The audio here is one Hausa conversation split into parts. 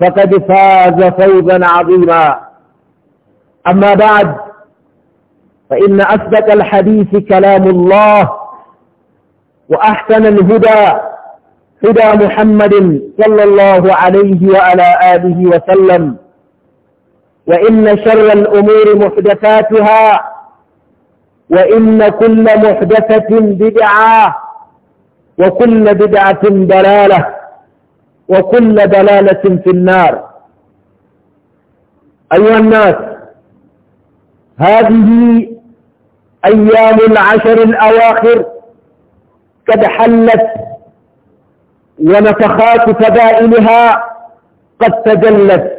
فقد فاز فوزا عظيما أما بعد فإن أصدق الحديث كلام الله وأحسن الهدى هدى محمد صلى الله عليه وعلى آله وسلم وإن شر الأمور محدثاتها وإن كل محدثة بدعة وكل بدعة ضلالة وكل دلالة في النار أيها الناس هذه أيام العشر الأواخر قد حلت ونفخات فبائلها قد تجلت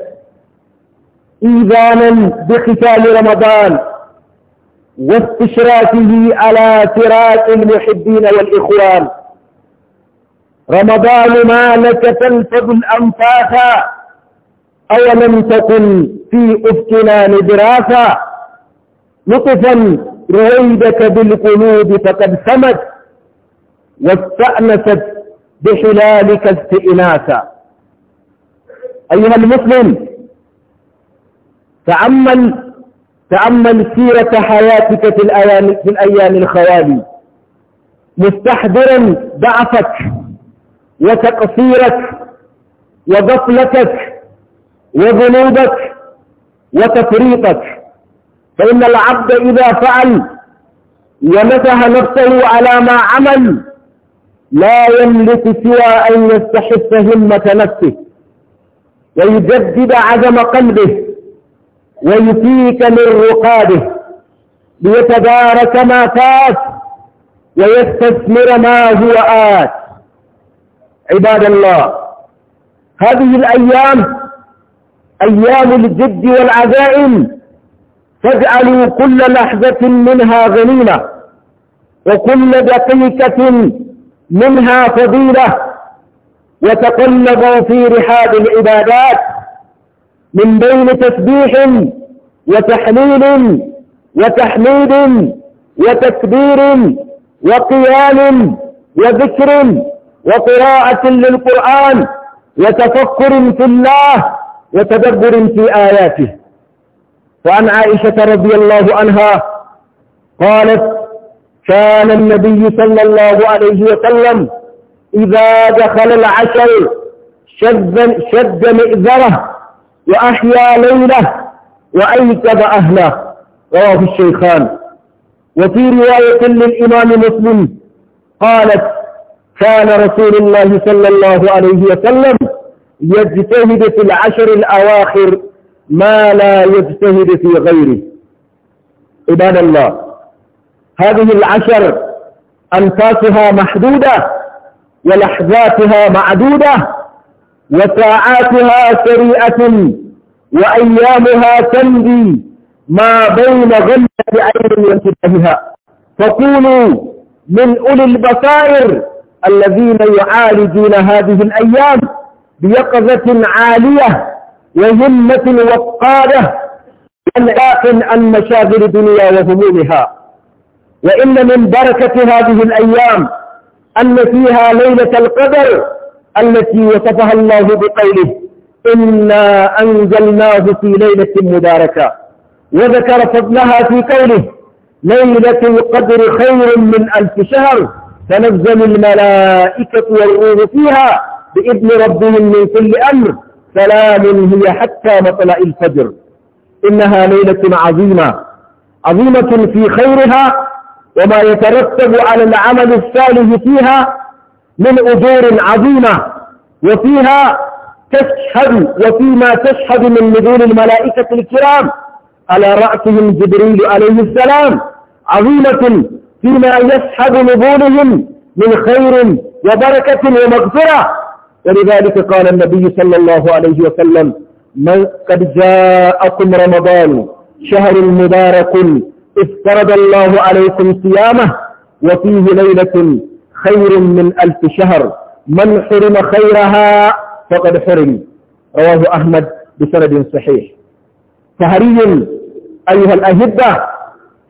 إيذانا بقتال رمضان واستشرافه على فراق المحبين والإخوان رمضان ما لك تلفظ الأنفاث أولم تكن في أفكنا لدراسة لطفا رويدك بالقلوب فقد سمت واستأنست بحلالك استئناسا أيها المسلم تأمل تأمل سيرة حياتك في الأيام, في الأيام الخوالي مستحضرا ضعفك وتقصيرك وغفلتك وذنوبك وتفريطك فإن العبد إذا فعل ومسح نفسه على ما عمل لا يملك سوى أن يستحف همة نفسه ويجدد عزم قلبه ويفيك من رقابه ليتبارك ما فات ويستثمر ما هو آت عباد الله هذه الأيام أيام الجد والعزائم فاجعلوا كل لحظة منها غنيمة وكل دقيقة منها فضيلة وتقلبوا في رحاب العبادات من بين تسبيح وتحليل وتحميد وتكبير وقيام وذكر وقراءة للقرآن وتفكر في الله وتدبر في آياته وعن عائشة رضي الله عنها قالت كان النبي صلى الله عليه وسلم إذا دخل العشر شد, شد مئذره وأحيا ليله وأيكب أهله رواه الشيخان وفي رواية للإمام مسلم قالت كان رسول الله صلى الله عليه وسلم يجتهد في العشر الأواخر ما لا يجتهد في غيره عباد الله هذه العشر أنفاسها محدودة ولحظاتها معدودة وساعاتها سريعة وأيامها تمضي ما بين غمة عين وانتباهها فكونوا من أولي البصائر الذين يعالجون هذه الأيام بيقظة عالية وهمة وقادة وانعاق عن مشاغل الدنيا وهمومها وإن من بركة هذه الأيام أن فيها ليلة القدر التي وصفها الله بقوله إنا أنزلناه في ليلة مباركة وذكر فضلها في قوله ليلة القدر خير من ألف شهر تنزل الملائكة والروح فيها بإذن ربهم من كل أمر سلام هي حتى مطلع الفجر إنها ليلة عظيمة عظيمة في خيرها وما يترتب على العمل الصالح فيها من أجور عظيمة وفيها تشهد وفيما تشهد من نزول الملائكة الكرام على رأسهم جبريل عليه السلام عظيمة فيما يسحب نبولهم من خير وبركة ومغفرة ولذلك قال النبي صلى الله عليه وسلم قد جاءكم رمضان شهر مبارك افترض الله عليكم صيامه وفيه ليلة خير من ألف شهر من حرم خيرها فقد حرم رواه أحمد بسند صحيح فهري أيها الأهبة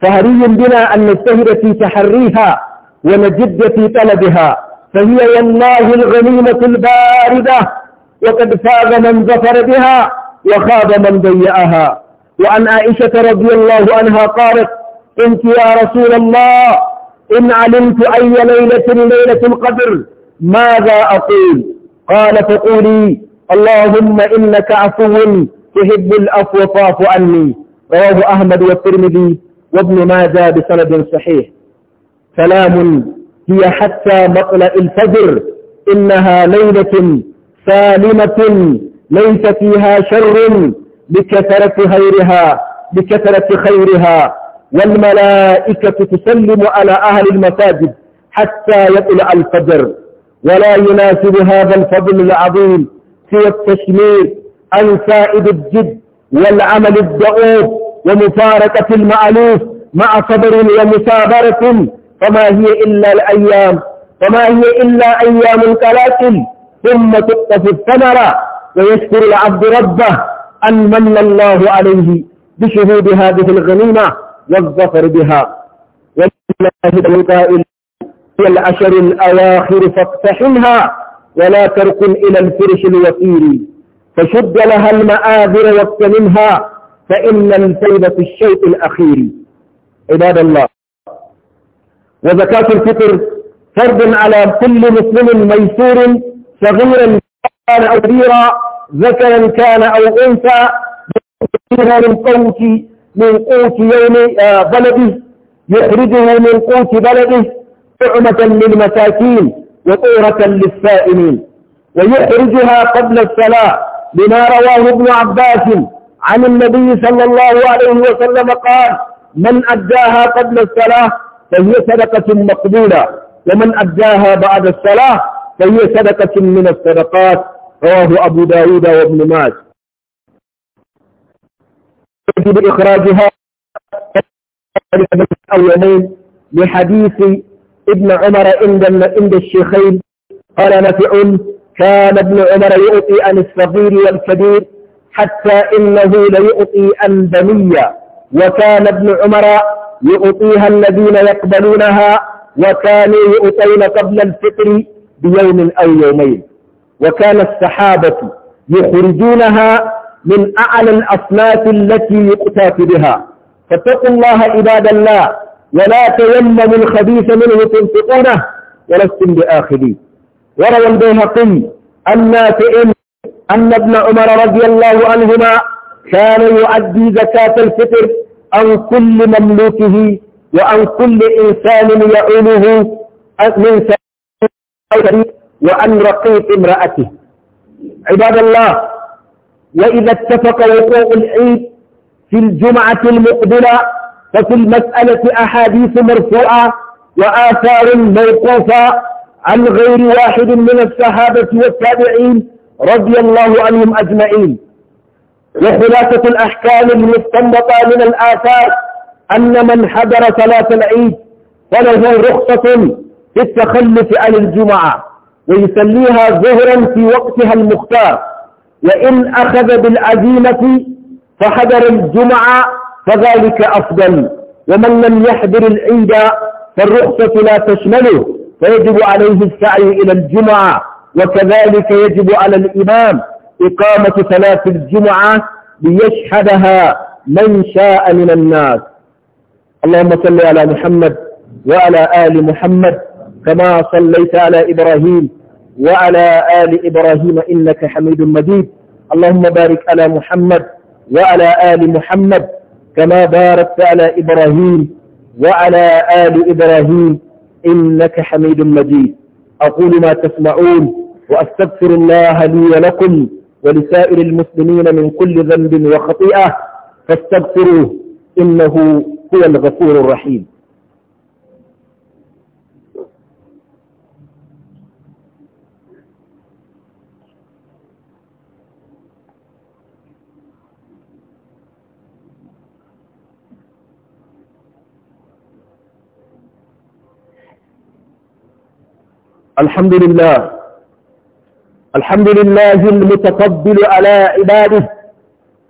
فهري بنا أن نجتهد في تحريها ونجد في طلبها فهي والله الغنيمة الباردة وقد فاز من ظفر بها وخاب من ضيعها وعن عائشة رضي الله عنها قالت انت يا رسول الله إن علمت أي ليلة ليلة القدر ماذا أقول قال فقولي اللهم إنك عفو تحب العفو فاعف عني رواه أحمد والترمذي وابن ماجه بسند صحيح سلام هي حتى مطلع الفجر إنها ليلة سالمة ليس فيها شر لكثرة خيرها لكثرة خيرها والملائكة تسلم على أهل المساجد حتى يطلع الفجر ولا يناسب هذا الفضل العظيم سوى التشمير أن سائد الجد والعمل الدؤوب ومفارقة المألوف مع صبر ومثابرة فما هي إلا الأيام فما هي إلا أيام القلاقل ثم تقتفي الثمرة ويشكر العبد ربه أن من الله عليه بشهود هذه الغنيمة والظفر بها ولله القائل في العشر الأواخر فاقتحمها ولا تركن إلى الفرش الوثير فشد لها المآذر واقتنمها فإن الفيل في الشيء الأخير عباد الله وزكاة الفطر فرض على كل مسلم ميسور صغيرا كان أو كبيرا ذكرا كان أو أنثى يخرجها من قوت من قوت يوم آه، بلده يخرجه من قوت بلده طعمة للمساكين وطورة للسائلين ويخرجها قبل الصلاة بما رواه ابن عباس عن النبي صلى الله عليه وسلم قال من أداها قبل الصلاة فهي صدقة مقبولة ومن أداها بعد الصلاة فهي صدقة من الصدقات رواه أبو داود وابن ماج يجب إخراجها الأولين لحديث ابن عمر عند عند الشيخين قال نفع كان ابن عمر يؤتي عن الصغير والكبير حتى إنه ليعطي أندميا وكان ابن عمر يعطيها الذين يقبلونها وكانوا يؤطين قبل الفطر بيوم أو يومين وكان السحابة يخرجونها من أعلى الأصناف التي يقتات بها فاتقوا الله عباد الله ولا تيمموا الخبيث منه تنفقونه ولستم بآخذين وروى البيهقي أن نافئ أن ابن عمر رضي الله عنهما كان يؤدي زكاة الفطر عن كل مملوكه وعن كل إنسان يعينه من سبيل وعن رقيق امرأته عباد الله وإذا اتفق وقوع العيد في الجمعة المقبلة ففي المسألة أحاديث مرفوعة وآثار موقوفة عن غير واحد من الصحابة والتابعين رضي الله عنهم أجمعين وخلاصة الأحكام المستنبطة من الآثار أن من حضر صلاة العيد فله رخصة في التخلف عن الجمعة ويسليها ظهرا في وقتها المختار وإن أخذ بالعزيمة فحضر الجمعة فذلك أفضل ومن لم يحضر العيد فالرخصة لا تشمله فيجب عليه السعي إلى الجمعة وكذلك يجب على الإمام إقامة صلاة الجمعة ليشهدها من شاء من الناس اللهم صل على محمد وعلى آل محمد كما صليت على إبراهيم وعلى آل إبراهيم إنك حميد مجيد اللهم بارك على محمد وعلى آل محمد كما باركت على إبراهيم وعلى آل إبراهيم إنك حميد مجيد أقول ما تسمعون وأستغفر الله لي ولكم ولسائر المسلمين من كل ذنب وخطيئة فاستغفروه إنه هو الغفور الرحيم الحمد لله الحمد لله المتقبل على عباده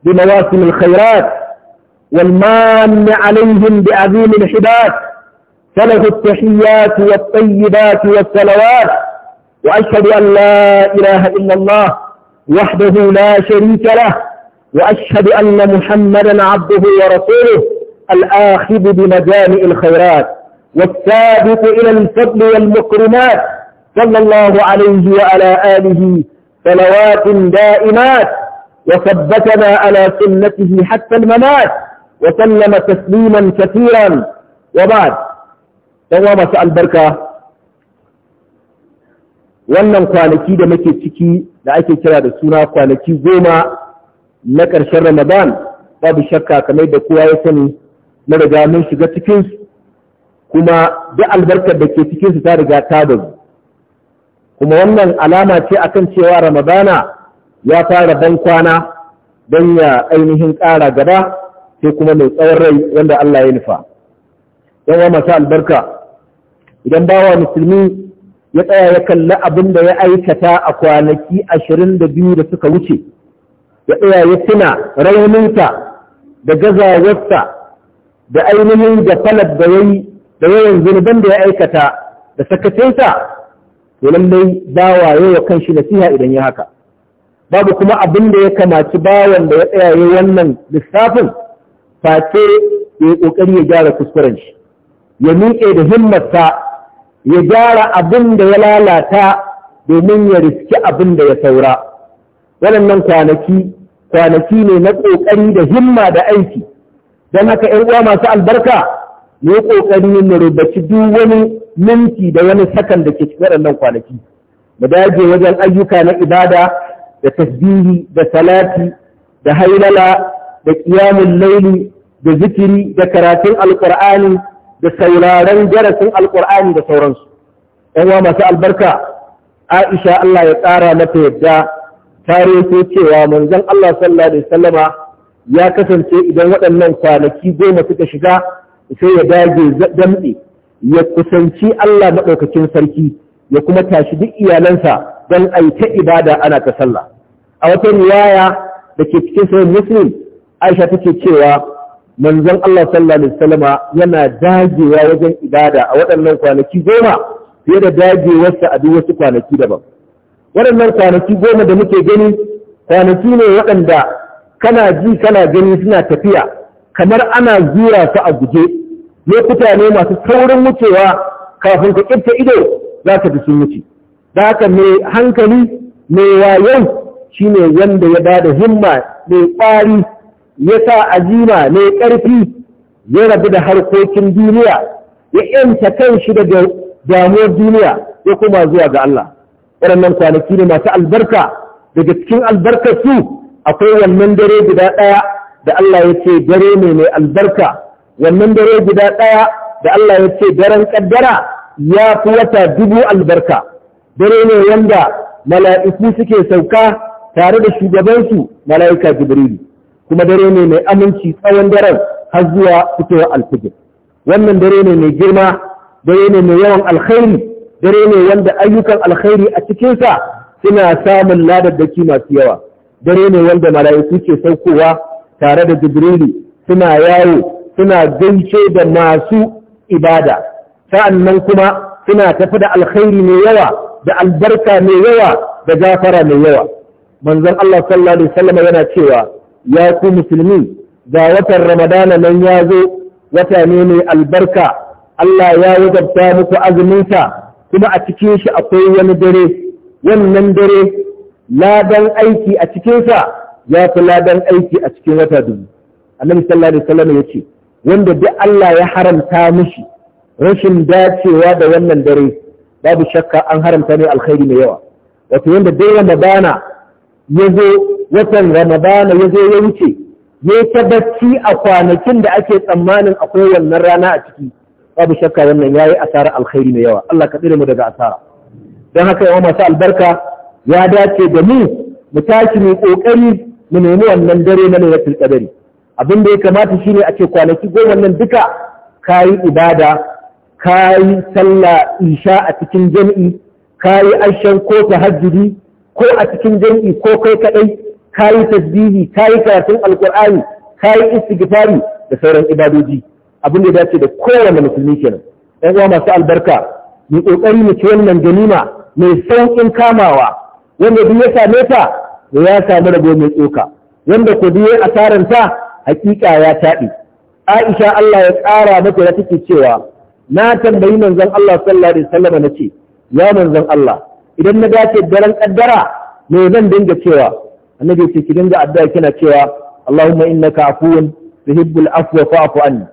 بمواسم الخيرات والمان عليهم بعظيم الحبات فله التحيات والطيبات والصلوات وأشهد أن لا إله إلا الله وحده لا شريك له وأشهد أن محمدا عبده ورسوله الآخذ بمجامع الخيرات والسابق إلى الفضل والمكرمات صلى الله عليه وعلى آله صلوات دائمات وثبتنا على سنته حتى الممات وسلم تسليما كثيرا وبعد فهو مساء البركة wannan kwanaki da muke ciki da ake kira da suna kwanaki goma na ƙarshen Ramadan babu shakka kamar da kowa ya sani na riga mun shiga cikinsu kuma duk albarkar da ke cikinsu ta riga ta bazu kuma wannan alama ce akan cewa ramadana ya fara ban kwana don ya ainihin ƙara gaba sai kuma mai tsawon rai wanda Allah ya nufa yan wa masu albarka idan bawa musulmi ya tsaya ya kalli abin da ya aikata a kwanaki ashirin da biyu da suka wuce ya tsaya ya tuna rauninta da gazawarsa da ainihin da falab da yayi da yawan zunuban da ya aikata da sakacinsa to lallai bawa yawa kan shi nasiha idan ya haka babu kuma abin da ya kamaci bawan da ya tsayaye wannan lissafin face ya yi ƙoƙari ya gyara kuskuren shi ya miƙe da himmarsa ya gyara abin da ya lalata domin ya riski abin da ya saura waɗannan kwanaki kwanaki ne na ƙoƙari da himma da aiki don haka ‘yan uwa masu albarka mu yi ƙoƙari mu rubaci duk wani minti da wani sakan da ke cikin waɗannan kwanaki mu dage wajen ayyuka na ibada da tasbihi da salati da hailala da ƙiyamun laili da zikiri da karatun alƙur'ani da sauraron darasin alƙur'ani da sauransu Ɗan wa masu albarka aisha Allah ya tsara mata yadda tare ko cewa manzon Allah sallallahu alaihi wasallama ya kasance idan waɗannan kwanaki goma suka shiga sai ya dage damɗe ya kusanci Allah maɗaukakin sarki ya kuma tashi duk iyalansa don aita ibada ana ta sallah a wata riwaya da ke cikin sayan muslim aisha take cewa manzon Allah sallallahu alaihi wasallama yana dagewa wajen ibada a waɗannan kwanaki goma fiye da dagewarsa a duk wasu kwanaki daban waɗannan kwanaki goma da muke gani kwanaki ne waɗanda kana ji kana gani suna tafiya kamar ana zura su a guje lokuta ne masu saurin wucewa kafin ka kirta ido za ka ji sun wuce da haka mai hankali mai wayon shi ne wanda ya ba da himma mai ƙwari ya sa azima mai ƙarfi ya rabu da harkokin duniya ya ‘yanta kan shi daga damuwar duniya ya kuma zuwa ga Allah waɗannan kwanaki ne masu albarka daga cikin albarkar su akwai wannan dare guda ɗaya da Allah ya ce dare ne mai albarka wannan dare guda ɗaya da Allah ya ce daren ƙaddara ya fi wata dubu albarka dare ne wanda mala'iku suke sauka tare da shugabansu mala'ika jibrilu kuma dare ne mai aminci tsawon daren har zuwa fitowar alfijir wannan dare ne mai girma dare ne mai yawan alkhairi dare ne wanda ayyukan alkhairi a cikinsa suna samun ladaddaki masu yawa dare ne wanda mala'iku ke saukowa tare da jibrilu suna yawo suna gaishe da masu ibada sa'annan kuma suna tafi da alkhairi mai yawa da albarka mai yawa da gafara mai yawa manzon Allah sallallahu alaihi wasallam yana cewa ya ku musulmi ga watan ramadana nan ya zo wata ne mai albarka Allah ya wajabta muku azuminsa kuma a cikin shi akwai wani dare wannan dare ladan aiki a cikinsa ya fi ladan aiki a cikin wata dubu annabi sallallahu alaihi wasallam ya ce wanda duk Allah ya haramta mishi rashin dacewa da wannan dare babu shakka an haramta ne alkhairi mai yawa wato wanda dai ramadana ya zo watan ramadana ya zo ya wuce ya ta bacci a kwanakin da ake tsammanin akwai wannan rana a ciki babu shakka wannan yayi asara alkhairi mai yawa Allah ka tsire mu daga asara don haka yawa masu albarka ya dace da mu mu tashi mu kokari mu nemi wannan dare na lailatul qadari abin da ya kamata shine a ce kwanaki goma nan duka kayi ibada kayi sallah isha a cikin jami'i kayi ashen ko tahajjudi ko a cikin jami'i ko kai ka kayi tasbihi kayi karatun ka kayi istighfari da sauran ibadoji abin da ya dace da kowane musulmi kenan ɗan uwa masu albarka mu kokari mu ci wannan ganima mai saukin kamawa wanda duk ya same ta ya samu rago mai tsoka wanda ku duk ya asaranta hakika ya taɗi Aisha Allah ya ƙara mata da take cewa na tambayi manzon Allah sallallahu alaihi wasallam na ce ya manzon Allah idan na dace daren kaddara me zan dinga cewa annabi ce ki dinga addu'a kina cewa Allahumma innaka afuwun tuhibbul afwa fa'fu anni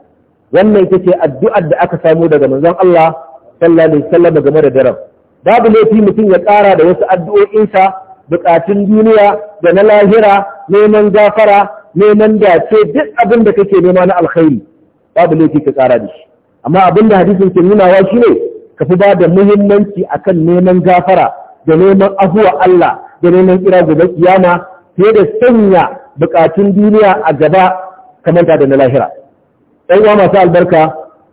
wannan ita ce addu'ar da aka samu daga manzon Allah sallallahu alaihi wasallam game da daren babu laifi mutum ya ƙara da wasu addu'o'insa bukatun duniya da na lahira neman gafara neman dace duk abin da kake nema na alkhairi babu laifi ka tsara da shi amma abin da hadisin ke nunawa shine ka fi ba da muhimmanci akan neman gafara da neman afuwa Allah da neman kira gobe kiyama fiye da sanya bukatun duniya a gaba kamar da na lahira ɗan uwa masu albarka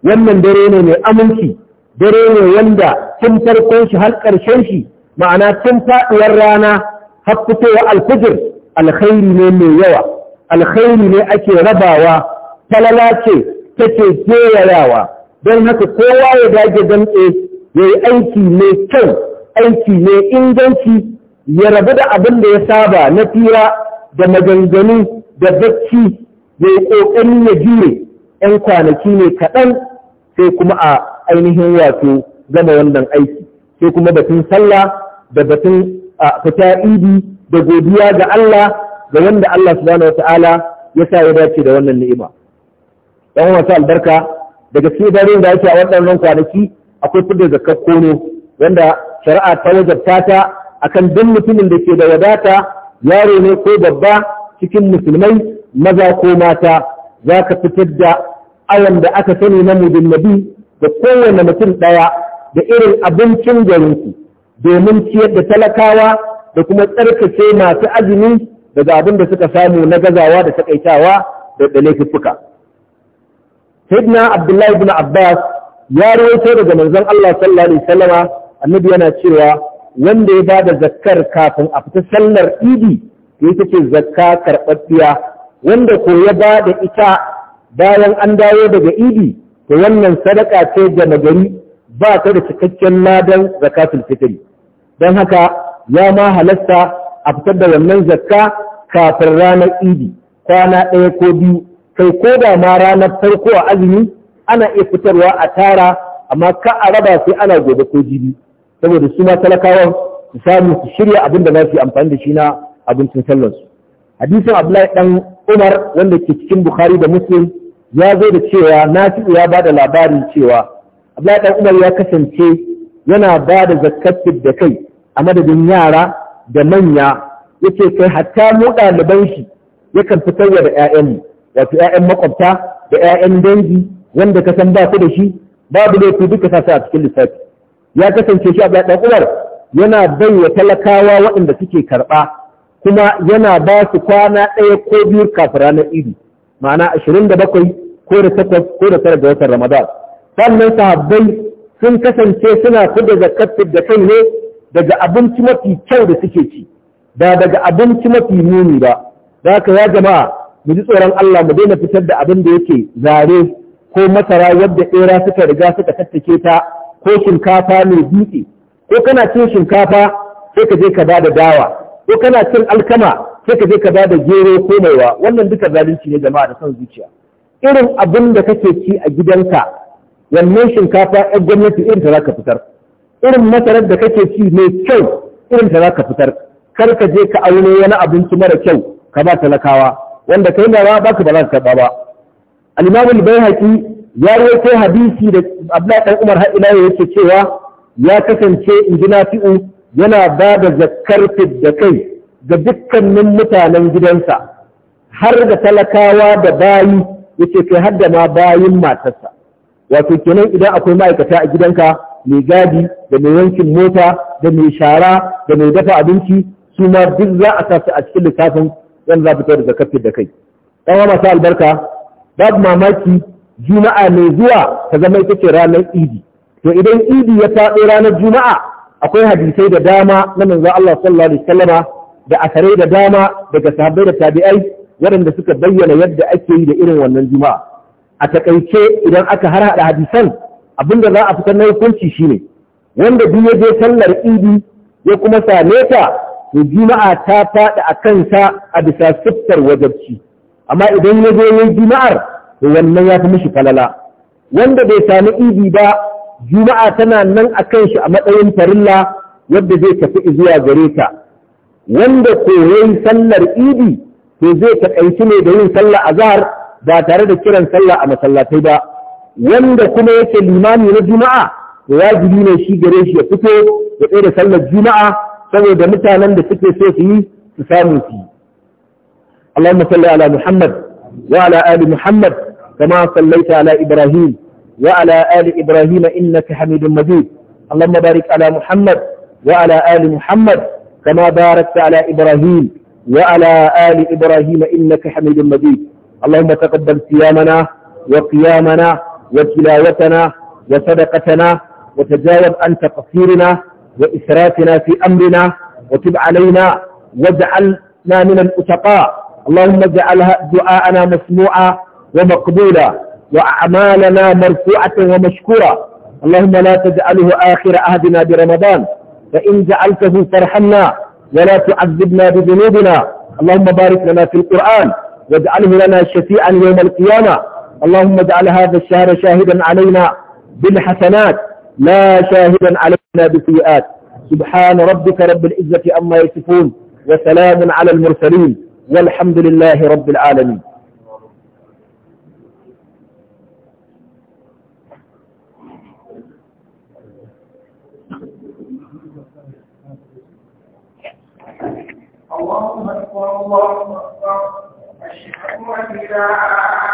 wannan dare ne mai aminci dare ne wanda tun farkon shi har ƙarshen shi ma'ana tun faɗuwar rana har fitowa alfijir alkhairi ne mai yawa alkhairi ne ake rabawa falala ce take kewayawa don haka kowa ya dage damtse ya yi aiki mai kyau aiki mai inganci ya rabu da abin da ya saba na fira da maganganu da bacci ya yi ƙoƙarin ya jure 'yan kwanaki ne kaɗan sai kuma a ainihin wato gama wannan aiki sai kuma batun sallah da batun fita idi da godiya ga Allah da wanda Allah subhanahu wata'ala ya sa ya dace da wannan ni'ima Ɗan wasu albarka daga cikin darin da yake a waɗannan kwanaki akwai fidda zakar kono wanda shari'a ta wajabta ta akan duk mutumin da ke da wadata yaro ne ko babba cikin musulmai maza ko mata za ka fitar da awon da aka sani na mudin nabi da kowane mutum ɗaya da irin abincin garinku domin ciyar da talakawa da kuma tsarkace masu azumi daga abin da suka samu na gazawa da takaitawa da da laifuffuka sayyidina abdullahi ibn abbas ya rawaito daga manzon Allah sallallahu alaihi wasallama annabi yana cewa wanda ya bada zakkar kafin a fita sallar idi to ita ce zakka karɓaɓɓiya wanda ko ya bada ita bayan an dawo daga idi to wannan sadaka ce da nagari ba ta da cikakken ladan zakatul fitri don haka ya ma halasta a fitar da wannan zakka kafin ranar idi kwana ɗaya ko biyu kai ko da ma ranar farko a azumi ana iya fitarwa a tara amma ka a raba sai ana gobe ko jibi saboda su ma talakawan su samu su shirya abin da za su yi amfani da shi na abincin sallarsu hadisin abdullahi dan umar wanda ke cikin bukhari da muslim ya zo da cewa na nafi'u ya ba da labarin cewa abdullahi dan umar ya kasance yana ba da zakkar da kai a madadin yara da manya yace kai hatta mu ɗaliban shi yakan fitar da ƴaƴan wato ƴaƴan makwabta da ƴaƴan dangi wanda ka san ba ku da shi babu laifi duka sasa a cikin lissafi ya kasance shi a dan Umar yana baiwa talakawa waɗanda suke karɓa kuma yana ba su kwana ɗaya ko biyu kafin ranar idi ma'ana ashirin da bakwai ko da takwas ko da tara ga watan Ramadan sannan sahabbai sun kasance suna fi da zakat da kai ne daga abinci mafi kyau da suke ci ba daga abinci mafi muni ba za ka ya jama'a mu ji tsoron Allah mu daina fitar da abin da yake zare ko masara yadda ɗera suka riga suka tattake ta ko shinkafa mai dutse ko kana cin shinkafa sai ka je ka ba da dawa ko kana cin alkama sai ka je ka ba da gero ko maiwa wannan duka zalunci ne jama'a da son zuciya irin abin da kake ci a gidanka wannan shinkafa 'yan gwamnati irin ta za ka fitar irin masarar da kake ci mai kyau irin ta za ka fitar kar ka je ka aune wani abinci mara kyau ka ba talakawa wanda kai nawa ba ka ba za ka karɓa ba al-imam al-bayhaqi ya rawaito hadisi da Abdullahi dan Umar har ila yake cewa ya kasance injina fi'u yana ba da zakkar da kai ga dukkanin mutanen gidansa har da talakawa da bayi yace kai har da bayin matarsa wato kenan idan akwai ma'aikata a gidanka mai gadi da mai yankin mota da mai shara da mai dafa abinci su ma duk za a sa su a cikin littafin yan za fitar da kafin da kai ɗan masu albarka babu mamaki juma'a mai zuwa ta zama ita ce ranar idi to idan idi ya faɗo ranar juma'a akwai hadisai da dama na manzon Allah sallallahu alaihi wasallama da asarai da dama daga sahabbai da tabi'ai waɗanda suka bayyana yadda ake yi da irin wannan juma'a a takaice idan aka harhaɗa hadisan abinda za a fitar na hukunci shine wanda duk ya je sallar idi ya kuma same ta to juma'a ta faɗi a kansa a bisa siffar wajabci amma idan ya zo yin juma'ar to wannan ya fi mishi falala wanda bai sami idi ba juma'a tana nan a kan shi a matsayin farilla wadda zai tafi zuwa gare ta wanda koyon sallar idi to zai taƙaici ne da yin sallar azhar ba tare da kiran sallah a masallatai ba wanda kuma yake limami na juma'a da wajibi ne shi gare shi ya fito ya tsaye da sallar juma'a saboda mutanen da suke so su su samu su yi. Allahumma salli ala Muhammad wa ala Muhammad kama sallaita ala Ibrahim wa ala ali Ibrahim innaka Hamidun Majid. Allahumma barik ala Muhammad wa ala Muhammad kama barakta ala Ibrahim wa ala ali Ibrahim innaka Hamidun Majid. Allahumma taqabbal siyamana wa qiyamana وتلاوتنا وصدقتنا وتجاوب عن تقصيرنا وإسرافنا في أمرنا وتب علينا واجعلنا من الأتقاء اللهم اجعل دعاءنا مسموعا ومقبولا وأعمالنا مرفوعة ومشكورة اللهم لا تجعله آخر عهدنا برمضان فإن جعلته فارحمنا ولا تعذبنا بذنوبنا اللهم بارك لنا في القرآن واجعله لنا شفيعا يوم القيامة اللهم اجعل هذا الشهر شاهدا علينا بالحسنات لا شاهدا علينا بالسيئات سبحان ربك رب العزة أما يصفون وسلام على المرسلين والحمد لله رب العالمين اللهم اكبر اللهم اكبر اشهد ان لا